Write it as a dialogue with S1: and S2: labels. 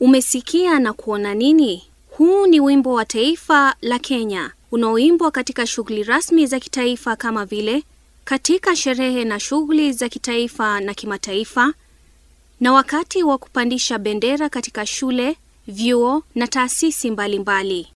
S1: Umesikia na kuona nini? Huu ni wimbo wa taifa la Kenya unaoimbwa katika shughuli rasmi za kitaifa kama vile katika sherehe na shughuli za kitaifa na kimataifa na wakati wa kupandisha bendera katika shule, vyuo na taasisi mbalimbali.